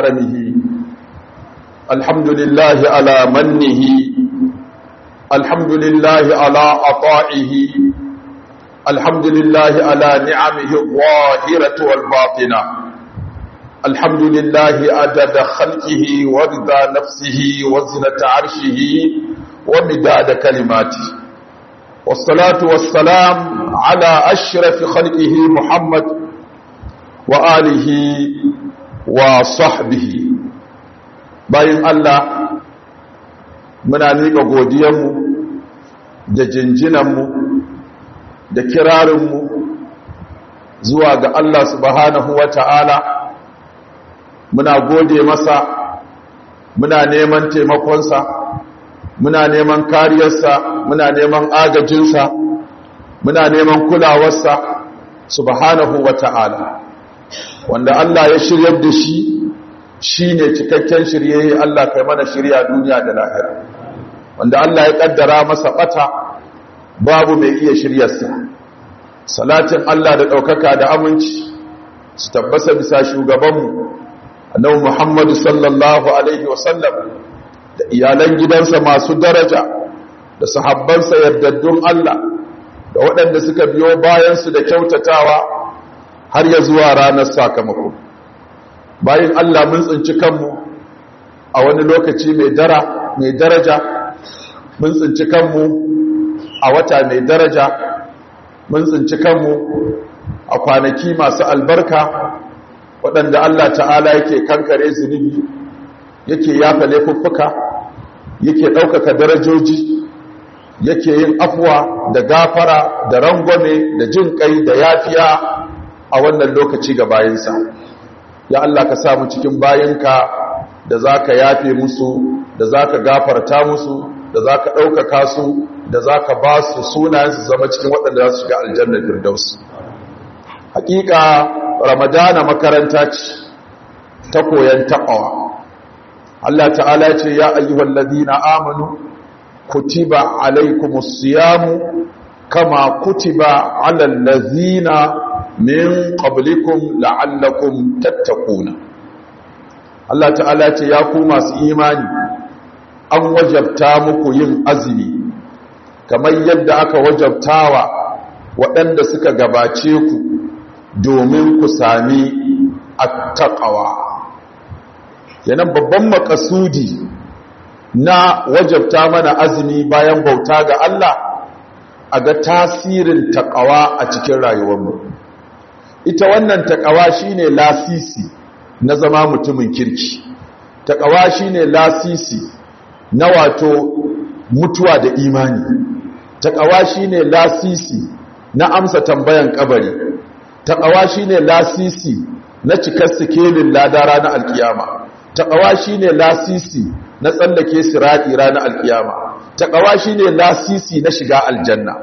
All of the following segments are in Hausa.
وكرمه الحمد لله على منه الحمد لله على عطائه الحمد لله على نعمه الظاهرة والباطنة الحمد لله عدد خلقه ورضا نفسه وزنة عرشه ومداد كلماته والصلاة والسلام على أشرف خلقه محمد وآله wa sahbihi bayin Allah muna nika godiyanmu da jinjinanmu da kirarinmu zuwa ga Allah subhanahu wa ta'ala muna gode masa muna neman taimakonsa muna neman kariyarsa muna neman agajinsa muna neman kulawarsa subhanahu wa ta'ala wanda Allah ya shiryar da shi shi ne cikakken shirye Allah kai mana shirya duniya da lahira wanda Allah ya kaddara masa bata babu mai iya shiryarsa salatin Allah da ɗaukaka da aminci su tabbasa bisa shugabanmu annabi Muhammad sallallahu alaihi wasallam da iyalan gidansa masu daraja da sahabbansa yardaddun Allah da waɗanda suka biyo bayansu da kyautatawa har ya zuwa ranar sakamako bayan Allah mun tsinci kanmu a wani lokaci mai dara mai daraja mun tsinci kanmu a wata mai daraja mun tsinci kanmu a kwanaki masu albarka waɗanda Allah ta'ala yake kankare zunubi yake yafa laifuffuka yake ɗaukaka darajoji yake yin afuwa da gafara da rangwame da jin kai da yafiya a wannan lokaci ga bayansa ya Allah ka samu cikin bayanka da za ka yafe musu da za ka gafarta musu da za ka ɗaukaka su da za ka ba su sunayen su zama cikin waɗanda za su shiga aljannar firdaus hakika ramadana makaranta ce ta koyon taɓawa Allah ta'ala ce ya ayyuhal ladina amanu kutiba alaikumus siyamu kama kutiba alal ladina min qablikum la'allakum tattaquna Allah ta'ala ce ya ku masu imani an wajabta muku yin azumi kamar yadda aka wajabtawa waɗanda suka gabace ku domin ku sami attaqawa yanan babban makasudi na wajabta mana azumi bayan bauta ga Allah a ga tasirin taqawa a cikin rayuwarmu ita wannan takawa shine lasisi na zama mutumin kirki takawa shine lasisi na wato mutuwa da imani takawa shine lasisi na amsa tambayan kabari takawa shine lasisi na cikar sikelin ladara na alkiyama takawa shine lasisi na tsallake sirati ranar alkiyama takawa shine lasisi na shiga aljanna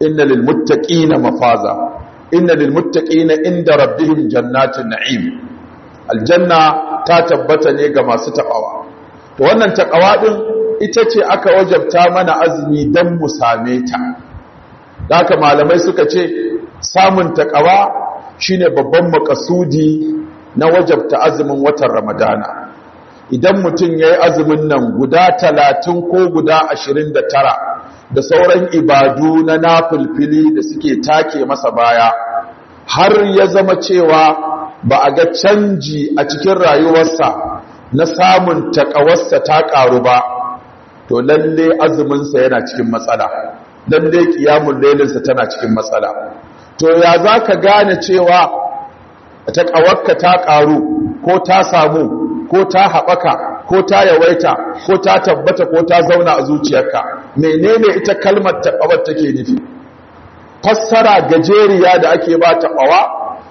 inna lil muttaqina mafaza inna lil muttaqina inda rabbihim jannatin na'im aljanna ta tabbata ne ga masu taƙawa. to wannan taƙawa din ita ce aka wajabta mana azumi dan mu same ta haka malamai suka ce samun takawa shine babban makasudi na wajabta azumin watan ramadana idan mutum ya yi azumin nan guda talatin ko guda ashirin da tara da sauran ibadu na nafilfili da suke take masa baya har ya zama cewa ba a ga canji a cikin rayuwarsa na samun takawarsa ta ƙaru ba to lalle azuminsa yana cikin matsala lalle kiyamun lailinsa tana cikin matsala to ya za ka gane cewa takawarka ta ƙaru ko ta samu ko ta haɓaka ko ta yawaita ko ta tabbata ko ta zauna a zuciyarka menene ita kalmar taɓawar take nufi fassara gajeriya da ake ba taɓawa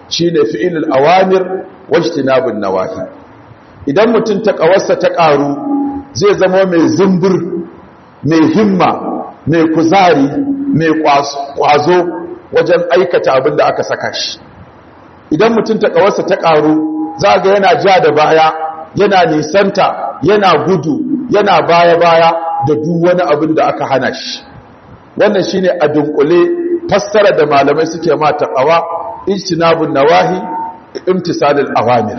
shi ne fi'ilul awamir wajtinabun nawahi idan mutum ƙawarsa ta ƙaru zai zama mai zumbur mai himma mai kuzari mai ƙwazo wajen aikata abin da aka saka shi idan mutum ƙawarsa ta ƙaru za ga yana ja da baya yana nisanta yana gudu yana baya-baya da duk wani abin da aka hana shi wannan shine a dunkule fassara da malamai suke ma ta taqawa ijtinabun nawahi imtisalul awamir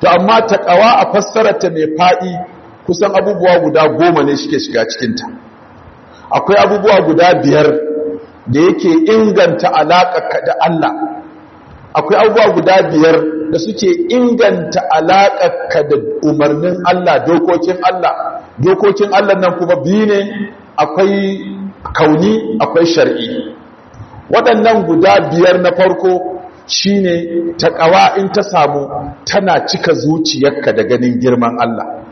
to amma ta taqawa a fassara ta mai fadi kusan abubuwa guda goma ne suke shiga cikin ta akwai abubuwa guda biyar da yake inganta alaƙa da Allah akwai abubuwa guda biyar da suke inganta alaƙa da umarnin Allah dokokin Allah dokokin Allah nan kuma biyu ne akwai kauni akwai shar'i waɗannan guda biyar na farko shine ƙawa in ta samu tana cika zuciyarka da ganin girman Allah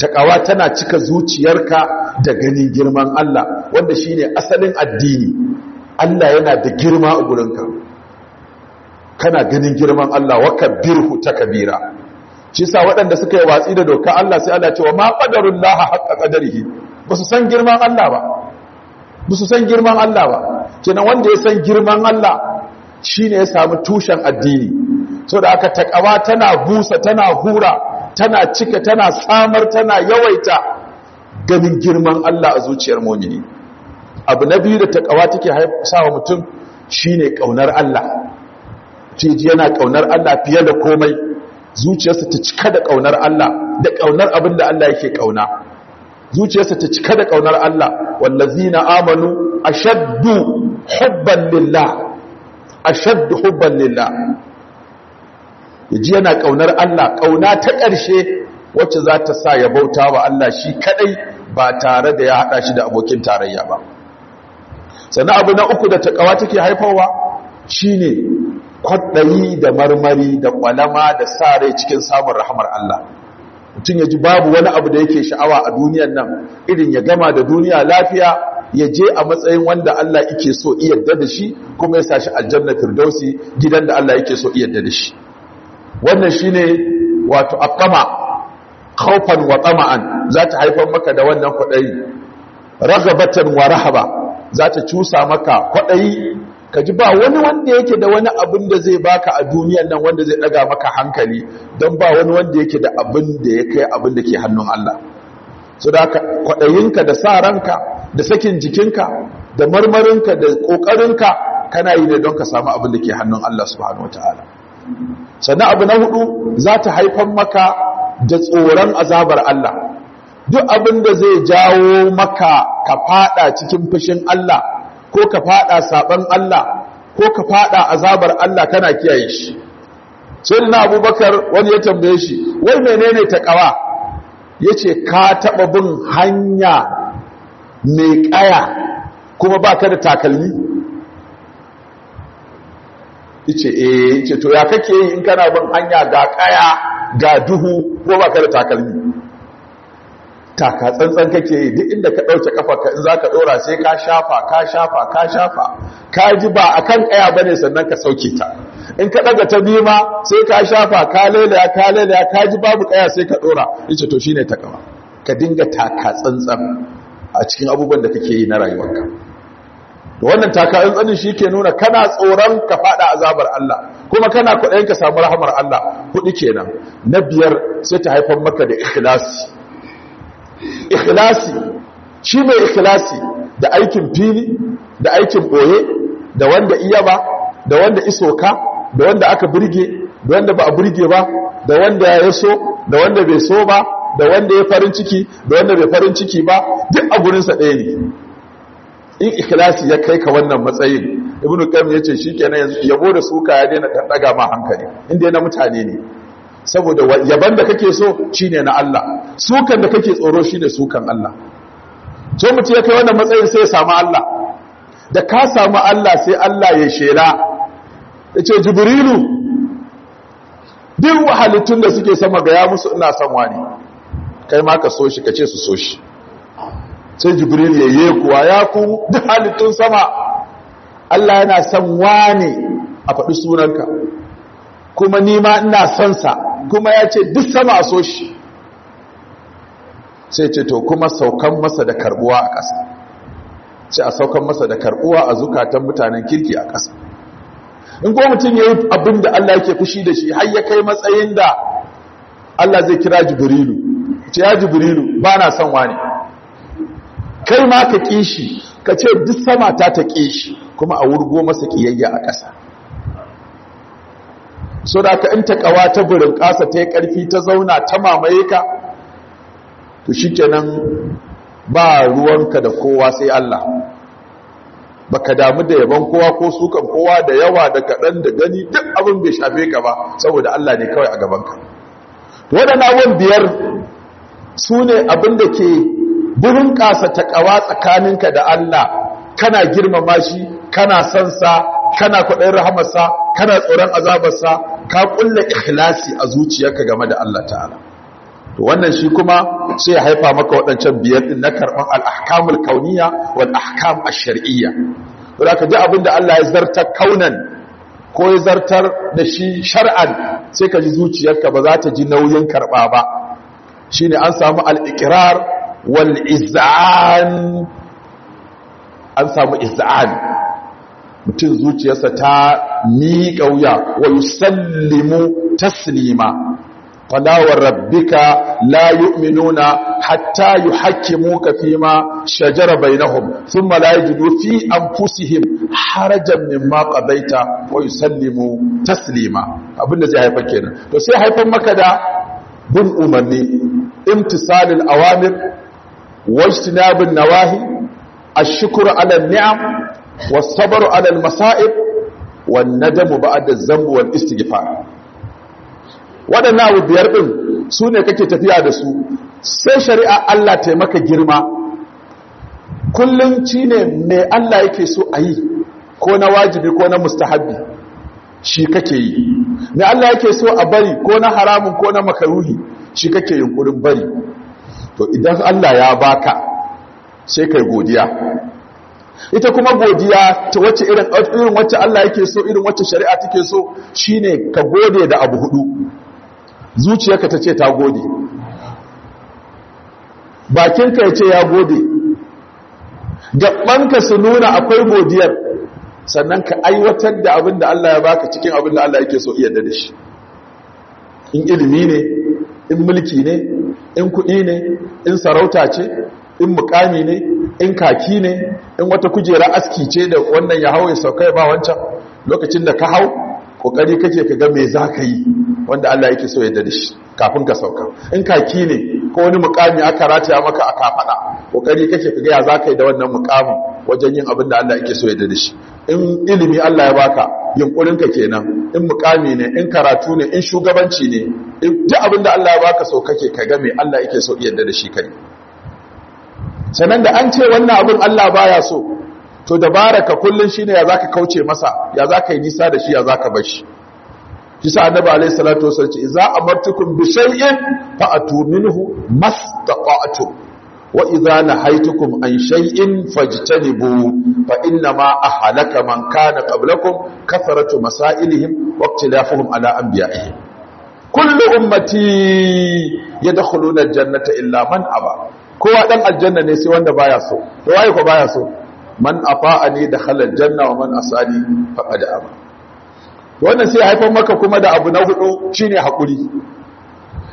Ta ƙawa tana cika zuciyarka da ganin girman Allah wanda shine asalin addini Allah yana da girma a gurinka kana ganin girman Allah birhu ta kabira shi sa waɗanda suka yi watsi da doka Allah sai Allah cewa ma qadarun laha haqqa qadarihi ba su san girman Allah ba ba su san girman Allah ba kenan wanda ya san girman Allah shine ya samu tushen addini so da aka takawa tana busa tana hura tana cika tana samar tana yawaita ganin girman Allah a zuciyar mu'mini abu na biyu da takawa take haifawa mutum shine ƙaunar Allah ce yana ƙaunar Allah fiye da komai zuciyarsa ta cika da ƙaunar Allah da ƙaunar abin da Allah yake ƙauna zuciyarsa ta cika da ƙaunar Allah wallazina amanu ashaddu hubban lillah ashaddu hubban lillah yaji yana ƙaunar Allah ƙauna ta ƙarshe wacce za ta sa ya bauta wa Allah shi kadai ba tare da ya haɗa shi da abokin tarayya ba sannan abu na uku da takawa take haifarwa shine kwaɗayi da marmari da ƙwalama da sa rai cikin samun rahamar Allah mutum ya ji babu wani abu da yake sha'awa a duniyan nan irin ya gama da duniya lafiya ya je a matsayin wanda Allah yake so iya da shi kuma ya sashi aljanna firdausi gidan da Allah yake so iya da shi wannan shi ne wato akama kaufan wa tama'an za ta haifar maka da wannan kwaɗayi ragabatan wa rahaba za ta cusa maka kwaɗayi ka ji ba wani wanda yake da wani abin da zai baka a duniyan nan wanda zai daga maka hankali don ba wani wanda yake da abin da ya kai abin da ke hannun Allah su da kwaɗayinka da sa ranka da sakin jikinka da marmarinka da ƙoƙarinka kana yi ne don ka samu abin da ke hannun Allah subhanahu wataala sannan abu na hudu za ta haifan maka da tsoron azabar Allah duk abin da zai jawo maka ka fada cikin fushin Allah ko ka fada saban Allah ko ka fada azabar Allah kana kiyaye shi sai na abubakar wani ya tambaye shi wai menene takawa ya ce ka taba bin hanya mai kaya kuma ba ka da takalmi yace ce eh. yace to ya kake in kana bin hanya ga kaya ga duhu ko ba ka da takalmi taka tsantsan kake yi duk inda ka ɗauke ƙafa ka in za ka ɗora sai ka shafa ka shafa ka shafa ka ji ba a kan ƙaya ba ne sannan ka sauke ta in ka ɗaga ta biyu ma sai ka shafa ka lailaya ka lailaya ka ji babu ƙaya sai ka ɗora in ce to shi ne takawa ka dinga taka tsantsan a cikin abubuwan da kake yi na rayuwarka da wannan taka tsantsanin shi ke nuna kana tsoron ka faɗa azabar Allah kuma kana kwaɗayin ka samu rahamar Allah kuɗi kenan na biyar sai ta haifar maka da ikhlasi ikhlasi shi mai ikhlasi da aikin fili da aikin boye da wanda iya ba da wanda isoka da wanda aka burge da wanda ba a burge ba da wanda ya so da wanda bai so ba da wanda ya farin ciki da wanda bai farin ciki ba duk a gurinsa ɗaya ne in ikhlasi ya kai ka wannan matsayin ibnu qayyim yace shikenan yabo da suka ya daina daddaga ma hankali inda na mutane ne saboda yaban da kake so shi ne na Allah sukan da kake tsoro shi ne sukan Allah so mutu ya kai wannan matsayin sai ya samu Allah da ka samu Allah sai Allah ya shela ya ce jibrilu duk halittun da suke sama ga ya musu ina son wani kai ma ka so shi ka ce su so shi sai jibrilu ya yi kuwa ya ku duk halittun sama Allah yana son wani a faɗi sunanka kuma nima ina son sa kuma ya ce duk sama so shi sai ce to kuma saukan masa da karbuwa a ƙasa ce a saukan masa da karbuwa a zukatan mutanen kirki a ƙasa in ko mutum ya yi abin da Allah yake fushi da shi har ya kai matsayin da Allah zai kira jibrilu ce ya jibrilu ba na son wani kai ma ka ƙi shi ka ce duk sama ta ta ƙi shi kuma a wurgo masa ƙiyayya a ƙasa so da ka in taƙawa ta burin ƙasa ta yi ƙarfi ta zauna ta mamaye ka to shi kenan ba ruwanka da kowa sai Allah ba ka damu da yaban kowa ko sukan kowa da yawa da kaɗan da gani duk abin bai shafe ka ba saboda Allah ne kawai a gabanka waɗanda abin biyar su ne abin da ke burin ƙasa taƙawa tsakaninka da Allah kana girmama shi kana son sa kana kwaɗin rahamarsa kana tsoron azabarsa ka ƙulla ikhlasi a zuciyarka game da Allah ta'ala to wannan shi kuma sai ya haifa maka waɗancan biyar din na karɓar al-ahkamul kauniya wal ahkam ash-shar'iyya to da ka ji abin da Allah ya zartar kaunan ko ya zartar da shi shar'an sai ka ji zuciyarka ba za ta ji nauyin karɓa ba shine an samu al-iqrar wal iz'an an samu iz'an mutum zuciyarsa ta miƙa wuya wa yusallimu taslima falawar rabbika la yu'minuna hatta yuhaqqimuka fima shajara bainahum thumma la yajidu fi anfusihim harajan mimma qadaita wa yusallimu taslima abinda zai haifa kenan to sai haifan maka da bin umarni imtisalil awamir wajtinabin nawahi الشكر على ni'am. والصبر على المصائب والندم بعد الذنب والاستغفار waɗannan abu biyar ɗin su kake tafiya da su sai shari'a Allah ta maka girma kullum ci ne mai Allah yake so a yi ko na wajibi ko na mustahabi shi kake yi mai Allah yake so a bari ko na haramun ko na makaruhi shi kake yunkurin bari to idan Allah ya baka sai kai godiya ita kuma godiya ta wacce irin irin wacce Allah yake so irin wacce shari'a take so shine ka gode da abu hudu zuciyarka ta ce ta gode bakinka ya ce ya gode gabanka su nuna akwai godiyar sannan ka aiwatar da abin da Allah ya baka cikin abin da Allah yake so iya da shi in ilimi ne in mulki ne in kuɗi ne in sarauta ce in mukami ne in kaki ne in wata kujera aski ce da wannan ya hau ya sauka ya ba wancan lokacin da ka hau kokari kake ka ga me za ka yi wanda Allah yake so ya da shi kafin ka sauka in kaki ne ko wani mukami aka rataya maka a kafada kokari kake ka ga ya za ka yi da wannan mukamin wajen yin abin da Allah yake so ya da shi in ilimi Allah ya baka yunkurin ka kenan in mukami ne in karatu ne in shugabanci ne duk abin da Allah ya baka so kake ka ga me Allah yake so ya da shi kai sannan da an ce wannan abin Allah baya so to dabaraka shi shine ya zaka kauce masa ya zaka yi nisa da shi ya zaka bar shi kisa annaba alayhi salatu wasallam ce idza amartukum bi shay'in fa'atu minhu mastata'tum wa idza haitukun an shay'in fajtanibu fa inna ma ahlaka man kana qablakum kathratu masailihim wa ikhtilafuhum ala Kullum kullu ya da al-jannata illa man aba kowa ɗan aljanna ne sai wanda baya so to waye ko baya so man afa'ani dakhala aljanna wa man asani faqad aba wannan sai haifan maka kuma da abu na hudu shine hakuri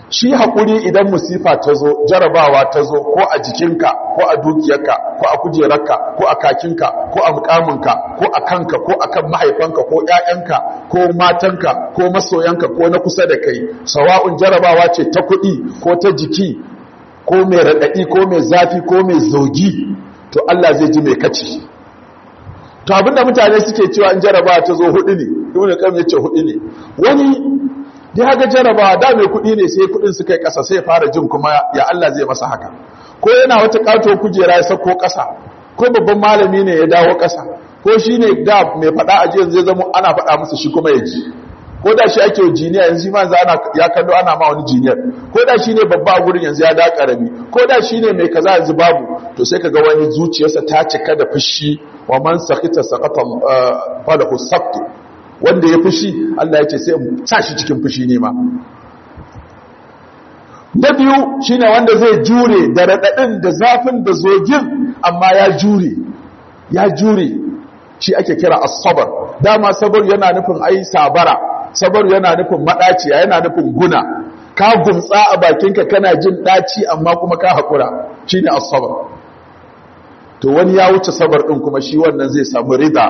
shi hakuri idan musifa ta zo jarabawa ta zo ko a jikinka ko a dukiyarka ko a kujerarka ko a kakinka ko a mukaminka ko a kanka ko a kan mahaifanka ko ƴaƴanka ko matanka ko masoyanka ko na kusa da kai sawa'un jarabawa ce ta kuɗi ko ta jiki ko mai raɗaɗi ko mai zafi ko mai zogi to Allah zai ji mai kaci to abinda mutane suke cewa in jaraba ta zo hudu ne ibn qayyim ya ce hudu ne wani da haka jaraba da mai kuɗi ne sai kudin su kai kasa sai fara jin kuma ya Allah zai masa haka ko yana wata kato kujera ya sako kasa ko babban malami ne ya dawo kasa ko shi ne da mai faɗa a jiya zai zama ana faɗa musu shi kuma ya ji ko da shi ake jiniya yanzu shi ana ya kallo ana ma wani jiniyar ko da shi ne babba a gurin yanzu ya da karami ko da shi ne mai kaza yanzu babu to sai ka ga wani zuciyarsa ta cika da fushi wa man sakita sakata eh, falahu saqtu wanda ya fushi Allah ya ce sai sa shi cikin fushi ne ma da biyu shine wanda zai jure da radadin da zafin da zogin amma ya jure ya jure shi ake kira as-sabr dama sabr yana nufin ai sabara sabaru yana nufin maɗaciya yana nufin guna ka gumtsa a bakinka kana jin ɗaci amma kuma ka haƙura shi ne asabar to wani ya wuce sabar ɗin kuma shi wannan zai samu rida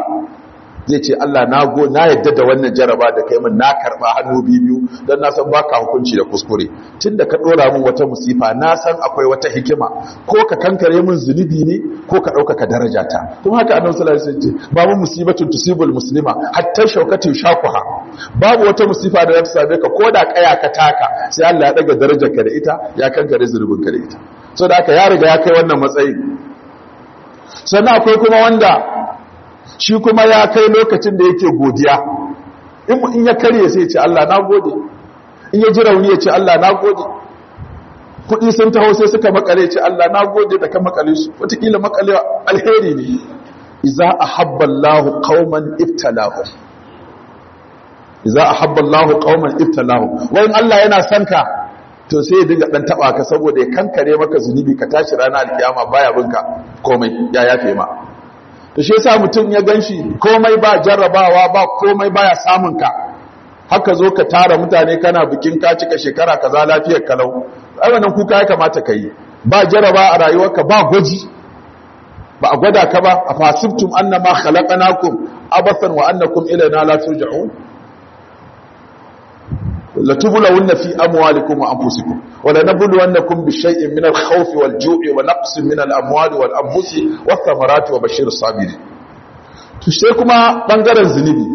zai ce Allah na go na yadda da wannan jaraba da kai min na karba hannu biyu don na san baka hukunci da kuskure tunda ka dora min wata musifa na san akwai wata hikima ko ka kankare min zunubi ne ko ka dauka daraja ta kuma haka annabi sallallahu alaihi wasallam ce babu musibatun tusibul muslima hatta shaukatu shakuha babu wata musifa da za ta same ka ko da kaya ka taka sai Allah ya daga darajar ka da ita ya kankare zunubin ka da ita so da haka ya riga ya kai wannan matsayi sannan akwai kuma wanda shi kuma ya kai lokacin da yake godiya in ya karye sai ce Allah na gode in ya ji rauni ya ce Allah na gode kuɗi sun taho sai suka makale ce Allah na gode da ka makale su wataƙila makale alheri ne iza a Allah qauman ibtalahu iza lahu. Allah qauman ibtalahu wani Allah yana son ka to sai ya dinga dan taba ka saboda ya kankare maka zunubi ka tashi ranar alkiyama baya binka komai ya yafe ma da shi yasa mutum ya gan shi komai ba jarrabawa ba komai baya samun ka haka zo ka tara mutane kana bikin ka cika shekara kaza lafiyar kalau ai wannan kuka ya kamata ka yi ba jaraba a rayuwarka ba gwaji ba a gwada ka ba a fasibtum annama khalaqnakum abathan wa annakum ilayna la turja'un latubula wunna fi amwalikum wa anfusikum wa lanabudu annakum bi shay'in min al-khawfi wal-ju'i wa naqsin min al-amwali wal-anfusi wath-thamarati wa bashir as-sabiri to sai kuma bangaren zinubi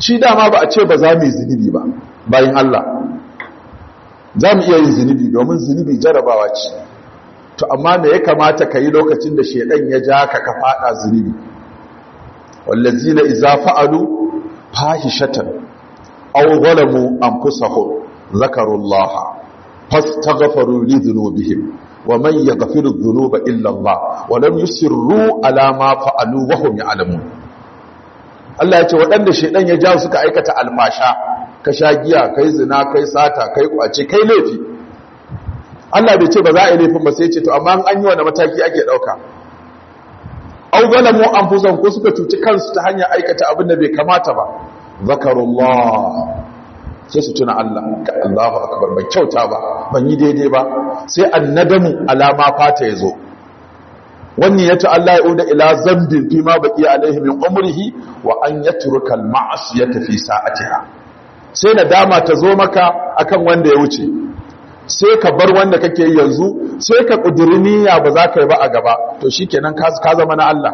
shi dama ba a ce ba za mu yi zinubi ba bayin Allah za mu iya yin zinubi domin zinubi jarabawa ce to amma me ya kamata kai lokacin da shedan ya ja ka ka fada zinubi wallazina iza fa'alu fahishatan aw zalamu anfusahum zakarullaha fastaghfiru li dhunubihim wa man yaghfiru dhunuba illa Allah wa lam yusirru ala ma fa'alu wa hum ya'lamun Allah ya ce waɗanda shedan ya ja suka aikata almasha ka sha giya kai zina kai sata kai kwace kai laifi Allah bai ce ba za a yi laifin ba sai ce to amma an yi wani mataki ake ɗauka. au zalamu anfusahum ko suka cuci kansu ta hanyar aikata abin da bai kamata ba zakarullah sai su tuna Allah Allahu akbar ban kyauta ba ban yi daidai ba sai annadamu alama fata yazo wannan yace Allah ya uda ila zambin fi ma baqi alaihi min umrihi wa an yatruka al ma'siyata fi sa'atiha sai nadama ta zo maka akan wanda ya wuce sai ka bar wanda kake yanzu sai ka kudirniya ba za ka yi ba a gaba to shikenan ka zama na Allah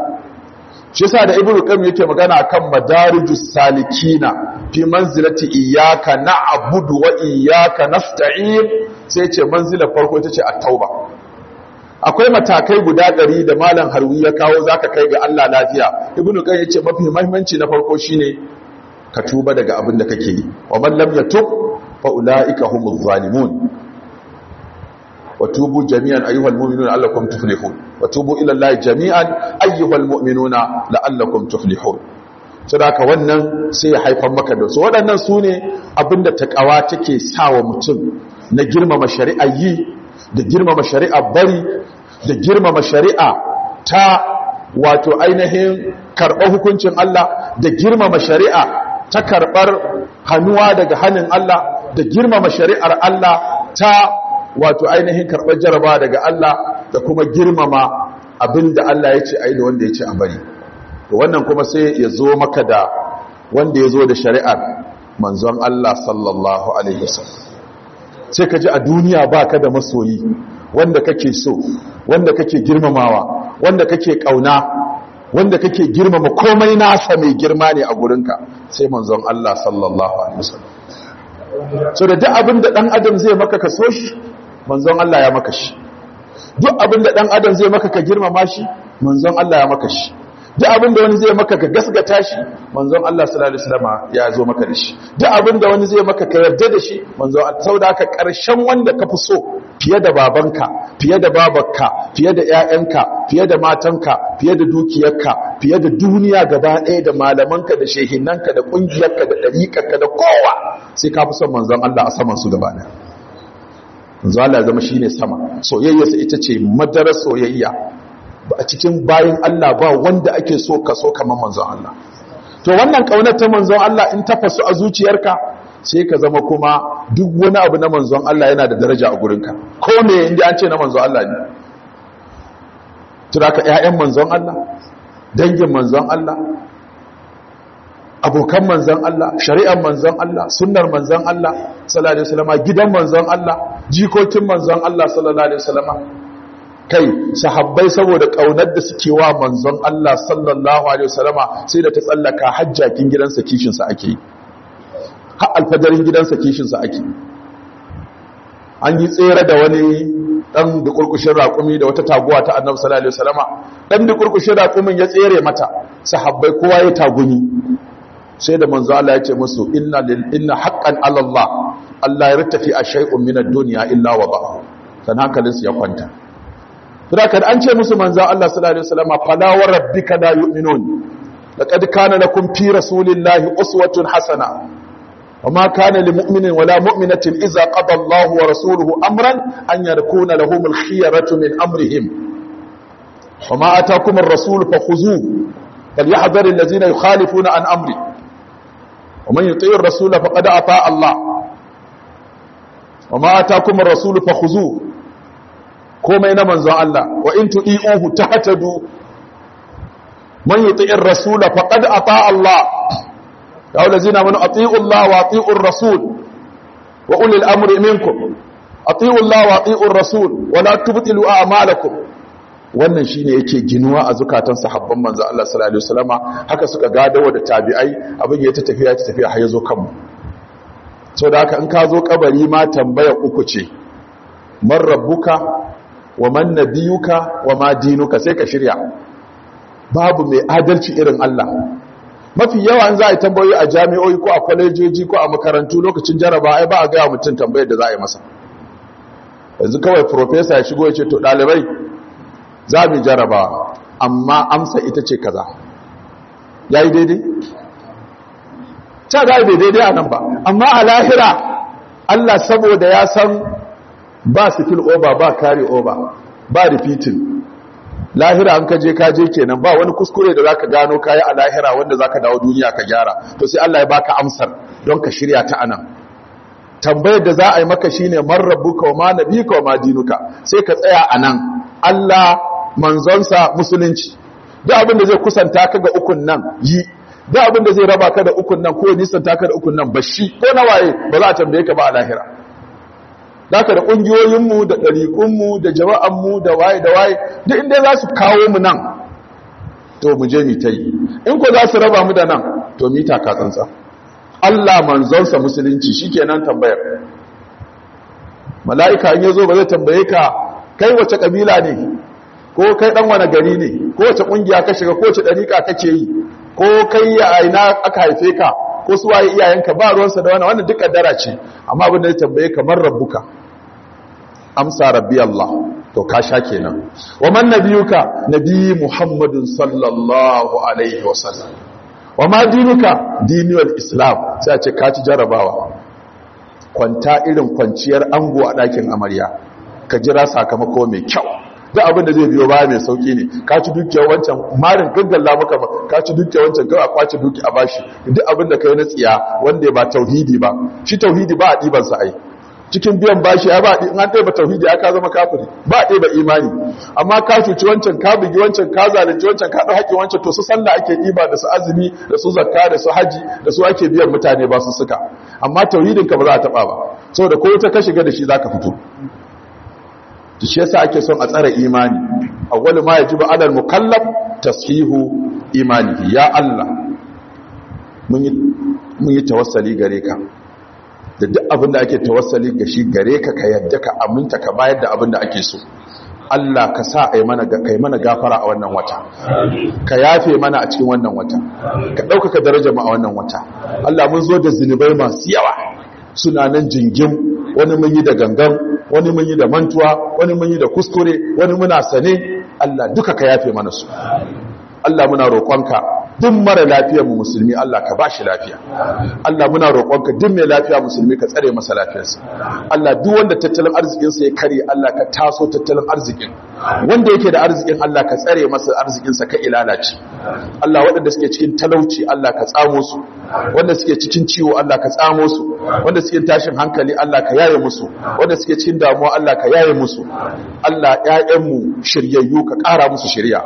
shi yasa da ibnu qayyim yake magana kan madarijus salikina fi manzilati iyyaka na'budu wa iyyaka nasta'in sai ce manzilar farko ita ce at-tauba akwai matakai guda 100 da malam harwi ya kawo zaka kai ga Allah lafiya ibnu qayyim yace mafi muhimmanci na farko shine ka tuba daga abin da kake yi wa man lam yatub fa ulaika humuz zalimun wa tubu jami'an ayyuhal mu'minuna la'allakum tuflihun wa tubu ila Allah jami'an ayyuhal mu'minuna la'allakum sadaka wannan sai ya haifar maka da su waɗannan su ne abinda takawa take sa wa mutum na girmama shari'a yi da girmama shari'a bari da girmama shari'a ta wato ainihin karɓar hukuncin Allah da girmama shari'a ta karɓar hannuwa daga hannun Allah da girmama shari'ar Allah ta wato ainihin karɓar jaraba daga Allah da kuma girmama abinda Allah ya ce a yi da wanda ya ce a bari to wannan kuma sai ya zo maka da wanda ya zo da shari'ar manzon Allah sallallahu alaihi wasallam sai ka ji a duniya ka da masoyi wanda kake so wanda kake girmamawa wanda kake kauna wanda kake girmama komai nasa mai girma ne a gurinka sai manzon Allah sallallahu alaihi wasallam so da duk abin da dan adam zai maka ka so shi manzon Allah ya maka shi duk abin da dan adam zai maka ka girmama shi manzon Allah ya maka shi duk abin da wani zai maka ka gasgata shi manzon Allah sallallahu alaihi wasallam ya zo maka da shi duk abin da wani zai maka ka yarda da shi manzon Allah saboda ka karshen wanda ka fi so fiye da babanka fiye da babarka fiye da ƴaƴanka fiye da matanka fiye da dukiyarka fiye da duniya gaba ɗaya da malamanka da shehinanka da ƙungiyarka da ɗariƙarka da kowa sai ka fi son manzon Allah a saman su gaba ɗaya zala zama zama ne sama soyayyarsa ita ce madarar soyayya ba a cikin bayan Allah ba wanda ake so ka so kamar manzo Allah to wannan kaunar ta manzon Allah in ta fasu a zuciyarka sai ka zama kuma duk wani abu na manzon Allah yana da daraja a gurinka ko me inda an ce na manzon Allah ne turaka ƴaƴan manzon Allah dangin manzon Allah abokan manzan Allah shari'ar manzan Allah sunnar manzan Allah sallallahu alaihi wasallam gidan manzan Allah jikokin manzan Allah sallallahu alaihi wasallam kai sahabbai saboda kaunar da suke wa manzon Allah sallallahu alaihi wasallama sai da ta tsallaka hajjakin gidansa kishin sa ake Ha alfajarin gidansa kishin sa ake an yi tsere da wani dan da kurkushin raƙumi da wata taguwa ta Annabi sallallahu alaihi wasallama dan da kurkushin raƙumin ya tsere mata sahabbai kowa ya taguni. sai da manzo Allah ya ce musu inna lil inna haqqan ala Allah Allah yartafi a shai'un min duniya dunya illa wa ba san hankalin ya kwanta saboda an ce musu manzo Allah sallallahu alaihi wasallam fala wa rabbika la yu'minun laqad kana lakum fi rasulillahi uswatun hasana wama kana lil mu'minin wala mu'minatin idza qada Allah wa rasuluhu amran an yakuna lahum al-khiyaratu min amrihim wama atakum ar-rasul fakhuzuhu فليحذر الذين يخالفون عن أمره wa man yuti ar-rasul faqad ata Allah wa ma atakum ar-rasul fakhuzu komai na manzon Allah wa in tu'iuhu tahtadu man yuti ar-rasul faqad ata Allah ya ulazina man ati'u Allah wa ati'u ar-rasul wa ulil amri minkum ati'u Allah wa ati'u ar-rasul wa la tubtilu a'malakum wannan shine yake ginuwa a zukatan sahabban manzo Allah sallallahu alaihi wasallama haka suka gadawa da tabi'ai abin ya ta tafiya ta tafiya har ya zo kanmu saboda haka in ka zo kabari ma tambaya uku ce man rabbuka wa man nabiyuka wa ma dinuka sai ka shirya babu mai adalci irin Allah mafi yawa an za a yi tambayoyi a jami'o'i ko a kwalejoji ko a makarantu lokacin jaraba ai ba a gaya mutum tambayar da za a yi masa yanzu kawai profesa ya shigo ya ce to ɗalibai za mu jaraba amma amsa ita ce kaza ya yi daidai? ta za bai daidai a nan ba amma a lahira Allah saboda ya san ba skill oba ba kari oba ba rifitin lahira an kaje kaje kenan ba wani kuskure da zaka gano kayi a lahira wanda zaka dawo duniya ka gyara to sai Allah ya baka amsar don ka shirya ta anan tambayar da za a yi maka shine man rabbuka wa ma nabiyuka wa ma dinuka sai ka tsaya anan Allah manzonsa musulunci duk abin da zai kusanta ka ga ukun nan yi duk abin da zai raba ka da ukun nan ko nisanta ka da ukun nan ba shi ko na waye ba za a tambaye ka ba a lahira ka da ƙungiyoyinmu da ɗariƙunmu da jama'anmu da waye da waye duk inda za su kawo mu nan to mu je mu ta yi in ko za su raba mu da nan to mu taka tsantsa Allah manzonsa musulunci shikenan tambayar mala'ika in yazo ba zai tambaye ka kai wace kabila ne ko kai dan wani gari ne ko wace kungiya ka shiga ko wace dariƙa kake yi ko kai ya aina aka haife ka ko su waye iyayenka ba ruwansa da wani, wannan duk kaddara ce amma abin da ya tambaye kamar rabbuka amsa rabbi Allah to ka sha kenan wa man nabiyuka nabi muhammadin sallallahu alaihi wasallam wa ma dinuka dinul islam sai a ce ka ci jarabawa kwanta irin kwanciyar ango a ɗakin amarya ka jira sakamako mai kyau duk abin da zai biyo baya mai sauki ne ka ci dukiya wancan marin gaggalla maka ba ka ci dukiya wancan kawai a kwace duki a bashi duk abin da kai na tsiya wanda ba tauhidi ba shi tauhidi ba a ɗiban sa ai cikin biyan bashi ya ba in an ba tauhidi ya ka zama kafiri ba ɗaya ba imani amma ka cuci wancan ka bugi wancan ka zalunci wancan ka haƙƙi wancan to su sallah ake ɗiba da su azumi da su zakka da su haji da su ake biyan mutane ba su suka amma tauhidin ka ba za a taɓa ba saboda ko ta ka shiga da shi za ka fito to shi yasa ake son a tsara imani awwalu ma yajibu alal mukallaf tasfihu imani ya Allah mun yi mun tawassali gare ka da duk abin da ake tawassali ga shi gare ka ka yadda ka aminta ka bayar da abin da ake so Allah ka sa ai mana mana gafara a wannan wata ka yafe mana a cikin wannan wata ka ɗaukaka daraja mu a wannan wata Allah mun zo da zinubai masu yawa suna nan jingim wani mun yi da gangan wani mun yi da mantuwa wani mun yi da kuskure wani muna sane Allah duka ka yafe mana su Allah muna roƙonka duk mara lafiyar musulmi Allah ka bashi lafiya Allah muna roƙonka duk mai lafiya musulmi ka tsare masa lafiyarsa Allah duk wanda tattalin arzikin sa ya kare Allah ka taso tattalin arzikin wanda yake da arzikin Allah ka tsare masa arzikin sa ka ilalace Allah waɗanda suke cikin talauci Allah ka tsamo su wanda suke cikin ciwo Allah ka tsamo su wanda suke tashin hankali Allah ka yaye musu wanda suke cikin damuwa Allah ka yaye musu Allah ƴaƴanmu shiryayyu ka ƙara musu shiriya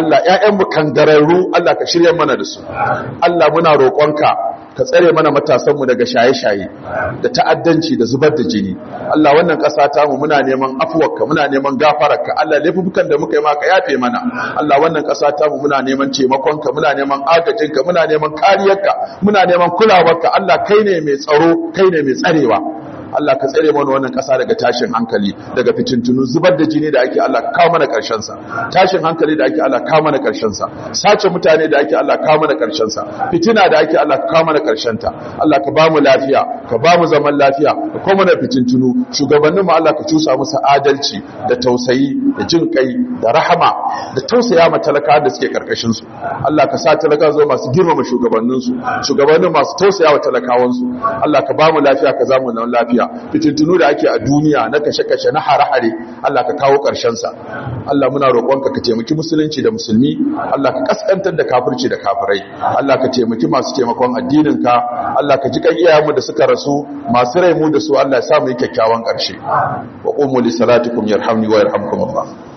Allah ƴaƴanmu kan kangararru Allah ka shirya mana da su Allah muna roƙonka ka tsare mana matasanmu daga shaye-shaye da ta'addanci da zubar da jini Allah wannan ƙasa ta mu muna neman afuwarka muna neman gafararka Allah laifukan da muka yi maka yafe mana Allah wannan ƙasa ta mu muna neman taimakonka muna neman agajinka muna neman kariyarka muna neman kulawarka Allah kai ne mai tsaro kai ne mai tsarewa Allah ka tsere mana wannan ƙasa daga tashin hankali daga fitintunu zubar da jini da ake Allah kawo mana ƙarshen sa tashin hankali da ake Allah kawo mana ƙarshen sa sace mutane da ake Allah kawo mana ƙarshen sa fitina da ake Allah kawo mana ƙarshen ta Allah ka bamu lafiya ka bamu zaman lafiya ka kuma mana fitintunu shugabannin mu Allah ka cusa musu adalci da tausayi da jin kai da rahama da tausaya ma talaka da suke karkashin su Allah ka sa talaka zo masu girmama shugabannin su shugabannin masu tausaya wa talakawan Allah ka bamu lafiya ka zamu nan lafiya duniya fitintunu da ake a duniya na kashe-kashe na hare-hare Allah ka kawo ƙarshen sa Allah muna roƙonka ka taimaki musulunci da musulmi Allah ka kaskantar da kafirci da kafirai Allah ka taimaki masu taimakon addinin ka Allah ka ji kan iyayenmu da suka rasu masu rai mu da su Allah ya sa mu yi kyakkyawan ƙarshe wa qumu li salatikum yarhamni wa yarhamkumullah